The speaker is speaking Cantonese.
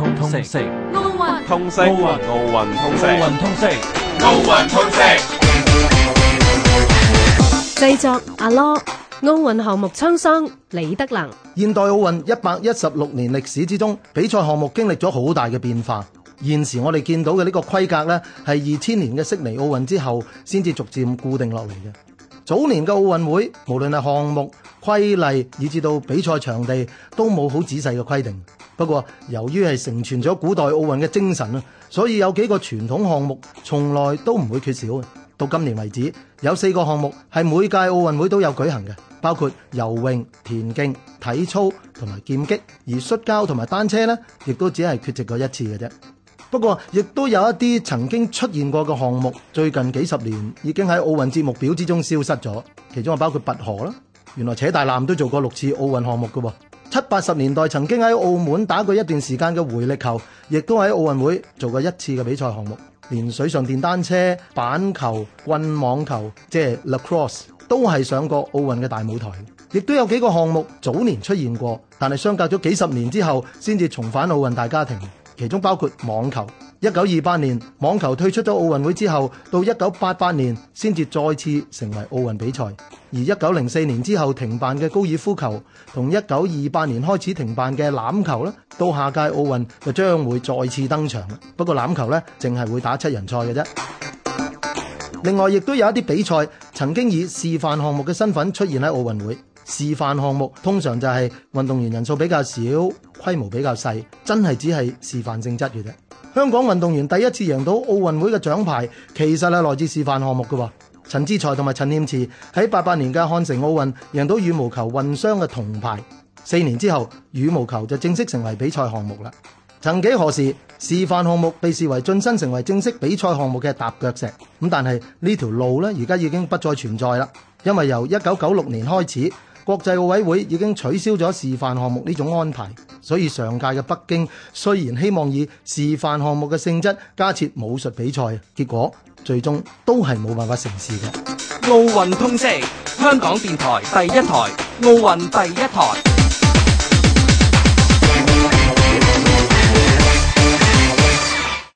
通通奧運，奧運，奧運通識奧運通識奧運通識製作阿：阿羅，奧運項目滄桑李德能。現代奧運一百一十六年歷史之中，比賽項目經歷咗好大嘅變化。現時我哋見到嘅呢個規格呢，係二千年嘅悉尼奧運之後，先至逐漸固定落嚟嘅。早年嘅奧運會，無論係項目。規例以至到比賽場地都冇好仔細嘅規定。不過，由於係承傳咗古代奧運嘅精神，所以有幾個傳統項目從來都唔會缺少。到今年為止，有四個項目係每屆奧運會都有舉行嘅，包括游泳、田徑、體操同埋劍擊。而摔跤同埋單車呢，亦都只係缺席過一次嘅啫。不過，亦都有一啲曾經出現過嘅項目，最近幾十年已經喺奧運節目表之中消失咗，其中係包括拔河啦。原來扯大纜都做過六次奧運項目㗎喎，七八十年代曾經喺澳門打過一段時間嘅回力球，亦都喺奧運會做過一次嘅比賽項目。連水上電單車、板球、棍網球，即係 lacrosse，都係上過奧運嘅大舞台。亦都有幾個項目早年出現過，但係相隔咗幾十年之後，先至重返奧運大家庭，其中包括網球。一九二八年網球退出咗奧運會之後，到一九八八年先至再次成為奧運比賽。而一九零四年之後停辦嘅高爾夫球，同一九二八年開始停辦嘅欖球咧，到下屆奧運就將會再次登場。不過欖球咧，淨係會打七人賽嘅啫。另外，亦都有一啲比賽曾經以示範項目嘅身份出現喺奧運會。示範項目通常就係運動員人數比較少，規模比較細，真係只係示範性質嘅啫。香港運動員第一次贏到奧運會嘅獎牌，其實係來自示範項目嘅。陳志才同埋陳念慈喺八八年嘅漢城奧運贏到羽毛球混雙嘅銅牌。四年之後，羽毛球就正式成為比賽項目啦。曾幾何時，示範項目被視為晉身成為正式比賽項目嘅踏腳石咁，但係呢條路咧，而家已經不再存在啦，因為由一九九六年開始。國際奧委會已經取消咗示範項目呢種安排，所以上屆嘅北京雖然希望以示範項目嘅性質加設武術比賽，結果最終都係冇辦法成事嘅。奧運通識，香港電台第一台，奧運第一台。